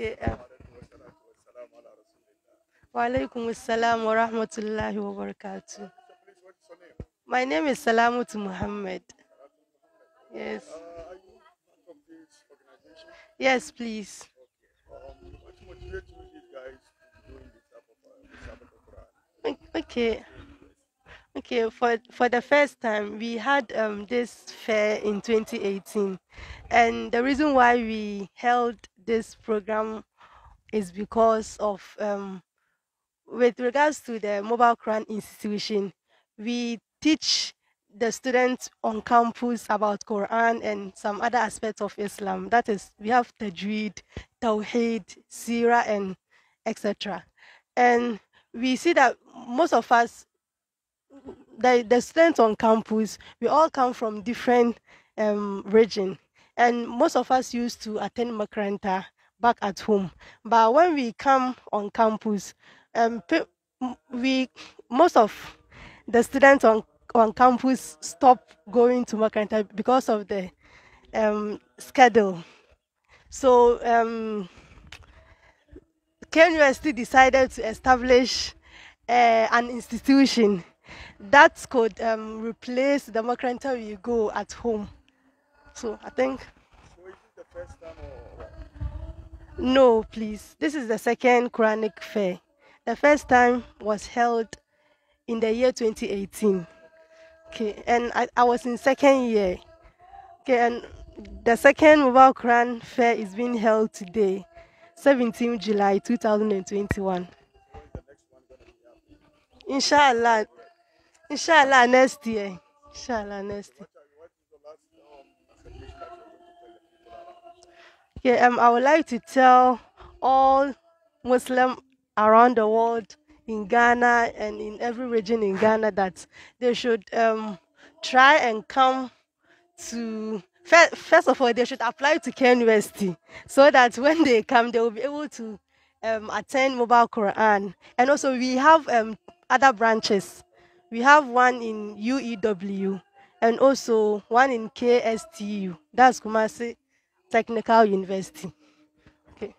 KF. Eh, wa assalam wa rahmatullahi wa barakatuh. My name is Salamut Muhammad. Yes. yes, please. Okay. okay. Okay, for, for the first time, we had um, this fair in 2018. And the reason why we held this program is because of um, with regards to the mobile crime institution we teach the students on campus about quran and some other aspects of islam that is we have tajweed tawheed sirah and etc and we see that most of us the, the students on campus we all come from different um, region and most of us used to attend Makranta back at home. But when we come on campus, um, we most of the students on on campus stop going to Makranta because of the um, schedule. So um, Ken decided to establish uh, an institution that could um, replace the Makranta we go at home. So I think. So is this the first time or No, please. This is the second Quranic fair. The first time was held in the year 2018. Okay, and I, I was in second year. Okay, and the second Mobile Quran fair is being held today, 17 July 2021. Inshallah, inshallah next year. Inshallah next year. Yeah, um, I would like to tell all Muslim around the world in Ghana and in every region in Ghana that they should um, try and come to first, of all they should apply to Ken University so that when they come they will be able to um, attend mobile Quran and also we have um, other branches we have one in UEW and also one in KSTU that's Kumasi Technical University. Okay.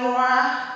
melhor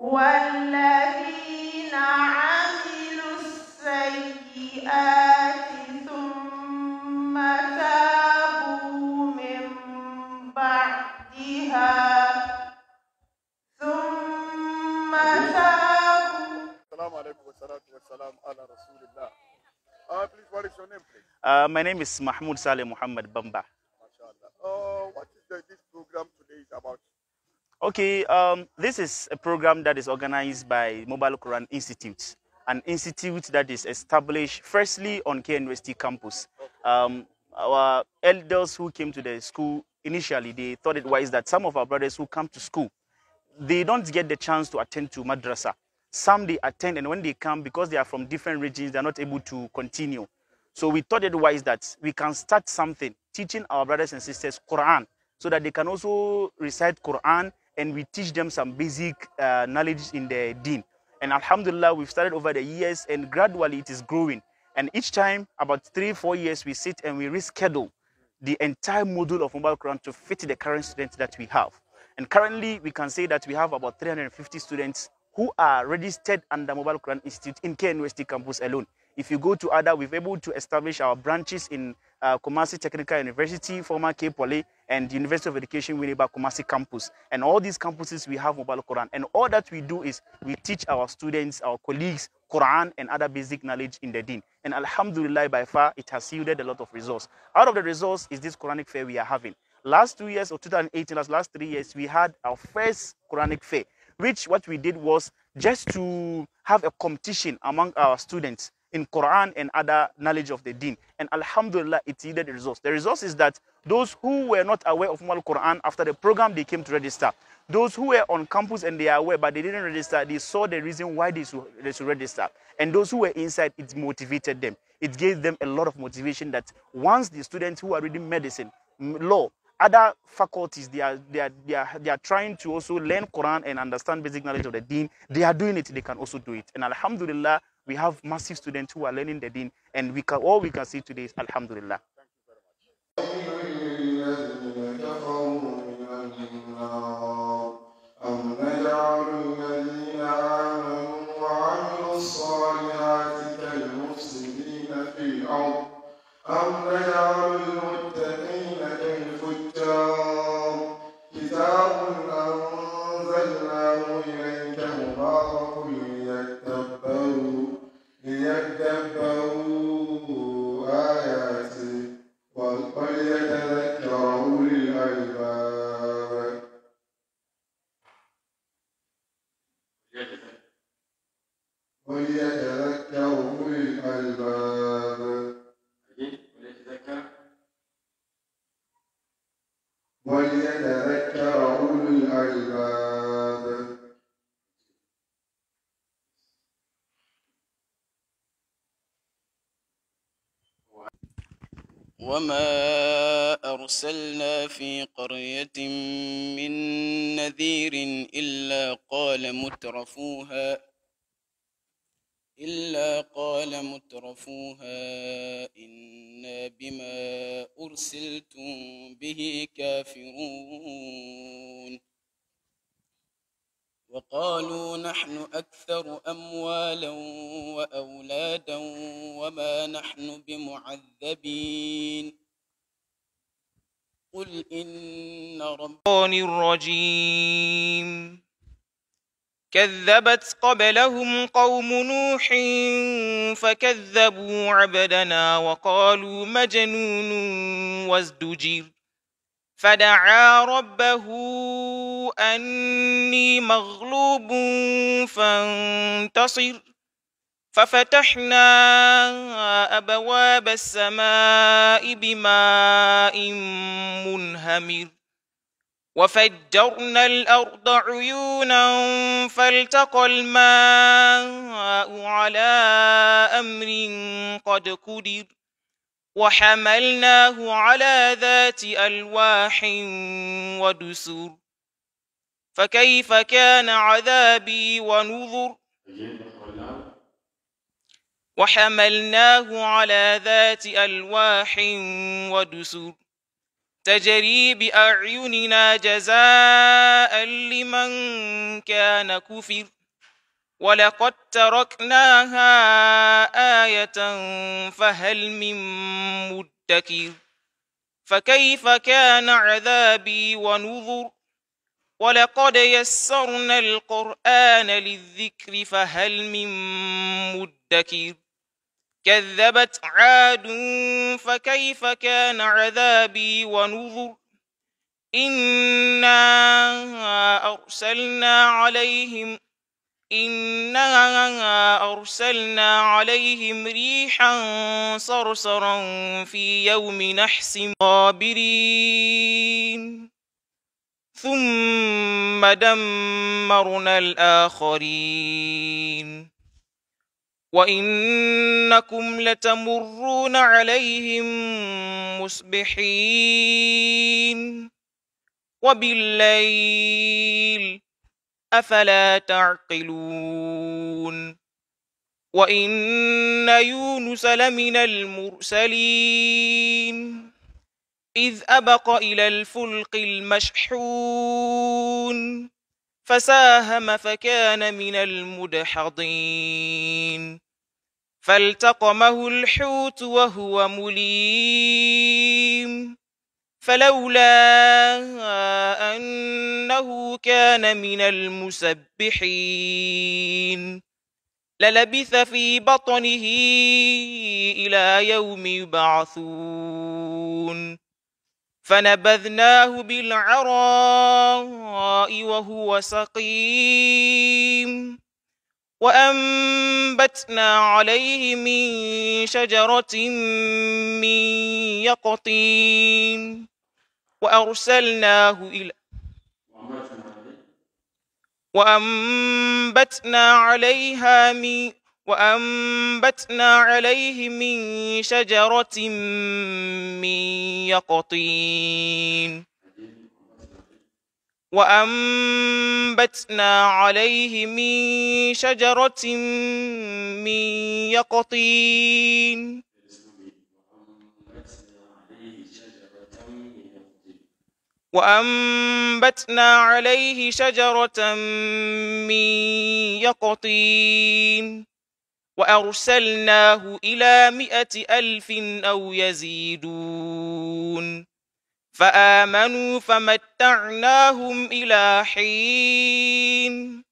Uh, Uh, my name is Mahmoud Saleh Muhammad Bamba. Uh, what is the, this Okay, um, this is a program that is organized by Mobile Quran Institute, an institute that is established firstly on KNUST campus. Um, our elders who came to the school initially, they thought it wise that some of our brothers who come to school, they don't get the chance to attend to madrasa. Some they attend, and when they come, because they are from different regions, they are not able to continue. So we thought it wise that we can start something, teaching our brothers and sisters Quran, so that they can also recite Quran and we teach them some basic uh, knowledge in the deen. And alhamdulillah, we've started over the years and gradually it is growing. And each time, about three, four years, we sit and we reschedule the entire module of mobile Quran to fit the current students that we have. And currently, we can say that we have about 350 students who are registered under Mobile Quran Institute in KNUST campus alone. If you go to other, we've able to establish our branches in uh, Kumasi Technical University, former K Poly, and University of Education Winneba Kumasi campus. And all these campuses, we have mobile Quran. And all that we do is we teach our students, our colleagues, Quran and other basic knowledge in the deen. And alhamdulillah, by far, it has yielded a lot of results. Out of the results is this Quranic fair we are having. Last two years, or 2018, last, last three years, we had our first Quranic fair, which what we did was just to have a competition among our students in Quran and other knowledge of the deen. And alhamdulillah, it yielded the results. The result is that those who were not aware of Mal Quran after the program, they came to register. Those who were on campus and they are aware, but they didn't register, they saw the reason why they should, they should register. And those who were inside, it motivated them. It gave them a lot of motivation that once the students who are reading medicine, law, other faculties they are they are they are, they are trying to also learn quran and understand basic knowledge of the deen they are doing it they can also do it and alhamdulillah we have massive students who are learning the deen, and we can, all we can see today is Alhamdulillah. أم وليتذكر أولو الألباب وما أرسلنا في قرية من نذير إلا قال مترفوها إلا قال مترفوها إن بما أرسلتم به كافرون وقالوا نحن أكثر أموالا وأولادا وما نحن بمعذبين قل إن ربي الرجيم كذبت قبلهم قوم نوح فكذبوا عبدنا وقالوا مجنون وازدجر فدعا ربه أني مغلوب فانتصر ففتحنا أبواب السماء بماء منهمر وفجرنا الأرض عيونا فالتقى الماء على أمر قد قدر وحملناه على ذات ألواح ودسر فكيف كان عذابي ونذر وحملناه على ذات ألواح ودسر تجري بأعيننا جزاء لمن كان كفر ولقد تركناها آية فهل من مدكر فكيف كان عذابي ونذر ولقد يسرنا القرآن للذكر فهل من مدكر كذبت عاد فكيف كان عذابي ونذر إنا أرسلنا عليهم إنا أرسلنا عليهم ريحا صرصرا في يوم نحس غابرين ثم دمرنا الآخرين وإنكم لتمرون عليهم مصبحين وبالليل أفلا تعقلون وإن يونس لمن المرسلين إذ أبق إلى الفلق المشحون فساهم فكان من المدحضين فالتقمه الحوت وهو مليم فلولا أنه كان من المسبحين للبث في بطنه إلى يوم يبعثون فنبذناه بالعراء وهو سقيم وأنبتنا عليه من شجرة من يقطين وأرسلناه إلى وأنبتنا عليها من وأنبتنا عليه من شجرة من يقطين وأنبتنا عليه من شجرة من يقطين وأنبتنا عليه شجرة من يقطين وأرسلناه إلى مئة ألف أو يزيدون فآمنوا فمتعناهم إلى حين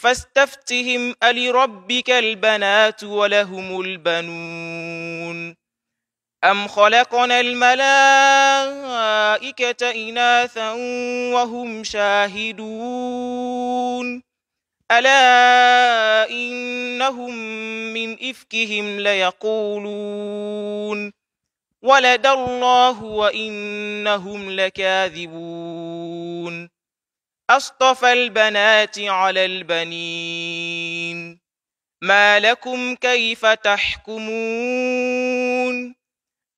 فاستفتهم ألربك البنات ولهم البنون أم خلقنا الملائكة إناثا وهم شاهدون ألا إنهم من إفكهم ليقولون ولد الله وإنهم لكاذبون أصطفى البنات على البنين ما لكم كيف تحكمون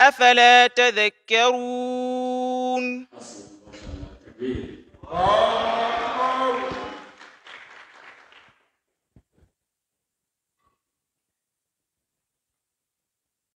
أفلا تذكرون الله